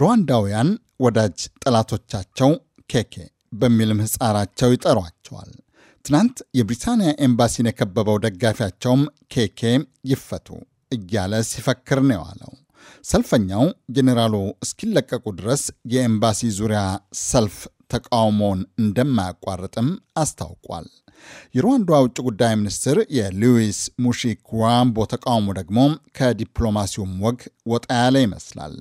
ሩዋንዳውያን ወዳጅ ጠላቶቻቸው ኬኬ በሚል ምህፃራቸው ይጠሯቸዋል። ትናንት የብሪታንያ ኤምባሲን የከበበው ደጋፊያቸውም ኬኬ ይፈቱ እያለ ሲፈክር ነው የዋለው። ሰልፈኛው ጄኔራሉ እስኪለቀቁ ድረስ የኤምባሲ ዙሪያ ሰልፍ ተቃውሞውን እንደማያቋርጥም አስታውቋል። የሩዋንዳ ውጭ ጉዳይ ሚኒስትር የሉዊስ ሙሺክዋምቦ ተቃውሞ ደግሞ ከዲፕሎማሲውም ወግ ወጣ ያለ ይመስላል።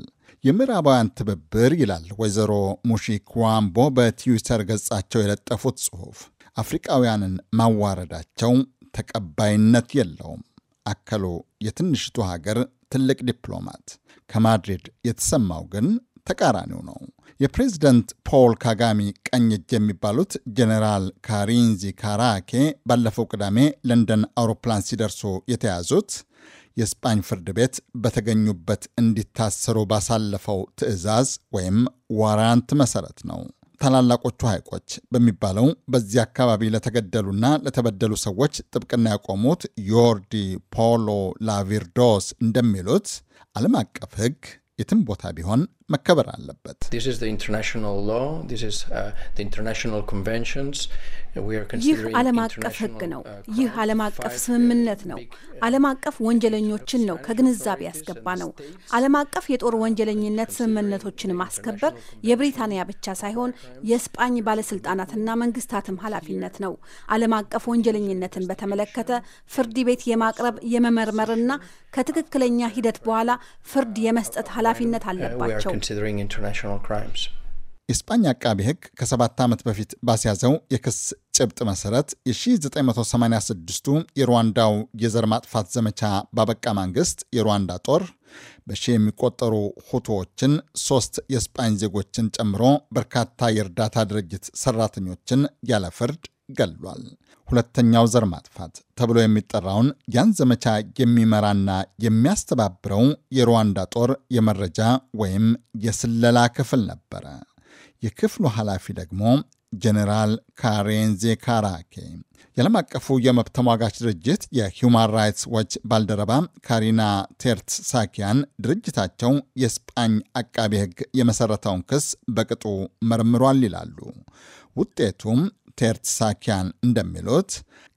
የምዕራባውያን ትብብር ይላል ወይዘሮ ሙሺ ኩዋምቦ በትዊተር ገጻቸው የለጠፉት ጽሑፍ። አፍሪቃውያንን ማዋረዳቸው ተቀባይነት የለውም አከሉ የትንሽቱ ሀገር ትልቅ ዲፕሎማት። ከማድሪድ የተሰማው ግን ተቃራኒው ነው። የፕሬዝደንት ፖል ካጋሚ ቀኝ እጅ የሚባሉት ጀኔራል ካሪንዚ ካራኬ ባለፈው ቅዳሜ ለንደን አውሮፕላን ሲደርሱ የተያዙት የስጳኝ ፍርድ ቤት በተገኙበት እንዲታሰሩ ባሳለፈው ትዕዛዝ ወይም ዋራንት መሰረት ነው። ታላላቆቹ ሐይቆች በሚባለው በዚህ አካባቢ ለተገደሉና ለተበደሉ ሰዎች ጥብቅና ያቆሙት ዮርዲ ፖሎ ላቪርዶስ እንደሚሉት ዓለም አቀፍ ሕግ የትም ቦታ ቢሆን መከበር አለበት። uh, ይህ ዓለም አቀፍ ሕግ ነው። uh, ይህ ዓለም አቀፍ uh, ስምምነት ነው። ዓለም አቀፍ ወንጀለኞችን ነው ከግንዛቤ ያስገባ ነው። ዓለም አቀፍ የጦር ወንጀለኝነት ስምምነቶችን ማስከበር የብሪታንያ ብቻ ሳይሆን የስጳኝ ባለስልጣናትና መንግስታትም ኃላፊነት ነው። ዓለም አቀፍ ወንጀለኝነትን በተመለከተ ፍርድ ቤት የማቅረብ የመመርመርና ከትክክለኛ ሂደት በኋላ ፍርድ የመስጠት ኃላፊነት አለባቸው። considering አቃቢ ህግ ከሰባት ዓመት በፊት ባስያዘው የክስ ጭብጥ መሰረት የ1986ቱ የሩዋንዳው የዘር ማጥፋት ዘመቻ ባበቃ ማንግስት የሩዋንዳ ጦር በሺ የሚቆጠሩ ሁቶዎችን፣ ሶስት የስፓኝ ዜጎችን ጨምሮ በርካታ የእርዳታ ድርጅት ሰራተኞችን ያለ ፍርድ ገሏል። ሁለተኛው ዘር ማጥፋት ተብሎ የሚጠራውን ያን ዘመቻ የሚመራና የሚያስተባብረው የሩዋንዳ ጦር የመረጃ ወይም የስለላ ክፍል ነበረ። የክፍሉ ኃላፊ ደግሞ ጀኔራል ካሬንዜ ካራኬ የዓለም አቀፉ የመብት ተሟጋች ድርጅት የሂውማን ራይትስ ዎች ባልደረባ ካሪና ቴርት ሳኪያን ድርጅታቸው የስጳኝ አቃቤ ሕግ የመሠረተውን ክስ በቅጡ መርምሯል ይላሉ። ውጤቱም ሳኪያን እንደሚሉት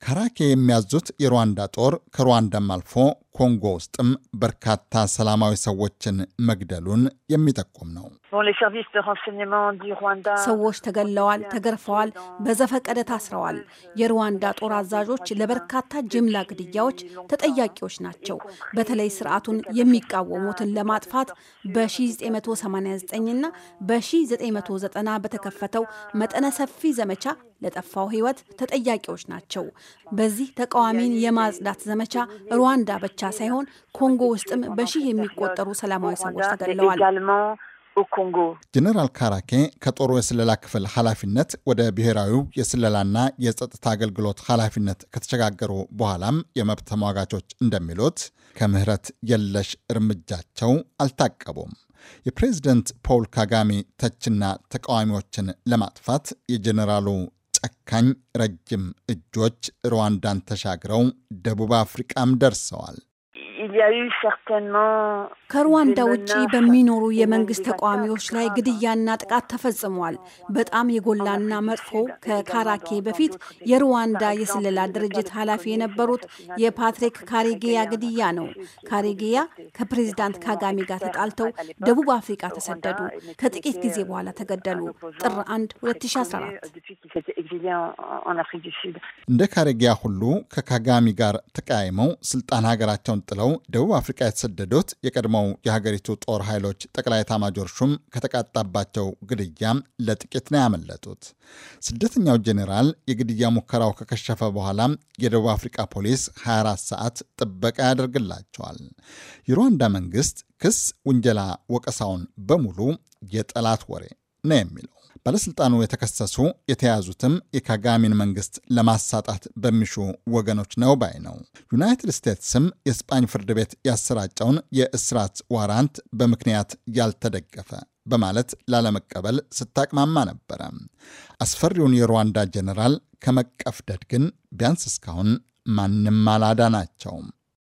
ካራኬ የሚያዙት የሩዋንዳ ጦር ከሩዋንዳም አልፎ ኮንጎ ውስጥም በርካታ ሰላማዊ ሰዎችን መግደሉን የሚጠቁም ነው። ሰዎች ተገለዋል፣ ተገርፈዋል፣ በዘፈቀደ ታስረዋል። የሩዋንዳ ጦር አዛዦች ለበርካታ ጅምላ ግድያዎች ተጠያቂዎች ናቸው። በተለይ ስርዓቱን የሚቃወሙትን ለማጥፋት በ1989 ና በ1990 በተከፈተው መጠነ ሰፊ ዘመቻ ለጠፋው ሕይወት ተጠያቂዎች ናቸው። በዚህ ተቃዋሚን የማጽዳት ዘመቻ ሩዋንዳ ብቻ ብቻ ሳይሆን ኮንጎ ውስጥም በሺህ የሚቆጠሩ ሰላማዊ ሰዎች ተገድለዋል። ጀኔራል ካራኬ ከጦሩ የስለላ ክፍል ኃላፊነት ወደ ብሔራዊው የስለላና የጸጥታ አገልግሎት ኃላፊነት ከተሸጋገሩ በኋላም የመብት ተሟጋቾች እንደሚሉት ከምህረት የለሽ እርምጃቸው አልታቀቡም። የፕሬዝደንት ፖል ካጋሜ ተችና ተቃዋሚዎችን ለማጥፋት የጀኔራሉ ጨካኝ ረጅም እጆች ሩዋንዳን ተሻግረው ደቡብ አፍሪቃም ደርሰዋል። ከሩዋንዳ ውጭ በሚኖሩ የመንግስት ተቃዋሚዎች ላይ ግድያና ጥቃት ተፈጽሟል። በጣም የጎላና መጥፎ ከካራኬ በፊት የሩዋንዳ የስለላ ድርጅት ኃላፊ የነበሩት የፓትሪክ ካሬጌያ ግድያ ነው። ካሬጌያ ከፕሬዚዳንት ካጋሜ ጋር ተጣልተው ደቡብ አፍሪካ ተሰደዱ። ከጥቂት ጊዜ በኋላ ተገደሉ። ጥር 1 2014 euh, እንደ ካሬጌያ ሁሉ ከካጋሚ ጋር ተቀያይመው ስልጣን ሀገራቸውን ጥለው ደቡብ አፍሪካ የተሰደዱት የቀድሞው የሀገሪቱ ጦር ኃይሎች ጠቅላይ ታማጆር ሹም ከተቃጣባቸው ግድያ ለጥቂት ነው ያመለጡት። ስደተኛው ጄኔራል የግድያ ሙከራው ከከሸፈ በኋላ የደቡብ አፍሪካ ፖሊስ 24 ሰዓት ጥበቃ ያደርግላቸዋል። የሩዋንዳ መንግስት ክስ፣ ውንጀላ፣ ወቀሳውን በሙሉ የጠላት ወሬ ነው የሚለው። ባለሥልጣኑ የተከሰሱ የተያዙትም የካጋሜን መንግስት ለማሳጣት በሚሹ ወገኖች ነው ባይ ነው። ዩናይትድ ስቴትስም የስጳኝ ፍርድ ቤት ያሰራጨውን የእስራት ዋራንት በምክንያት ያልተደገፈ በማለት ላለመቀበል ስታቅማማ ነበረ። አስፈሪውን የሩዋንዳ ጀኔራል ከመቀፍደድ ግን ቢያንስ እስካሁን ማንም አላዳናቸውም።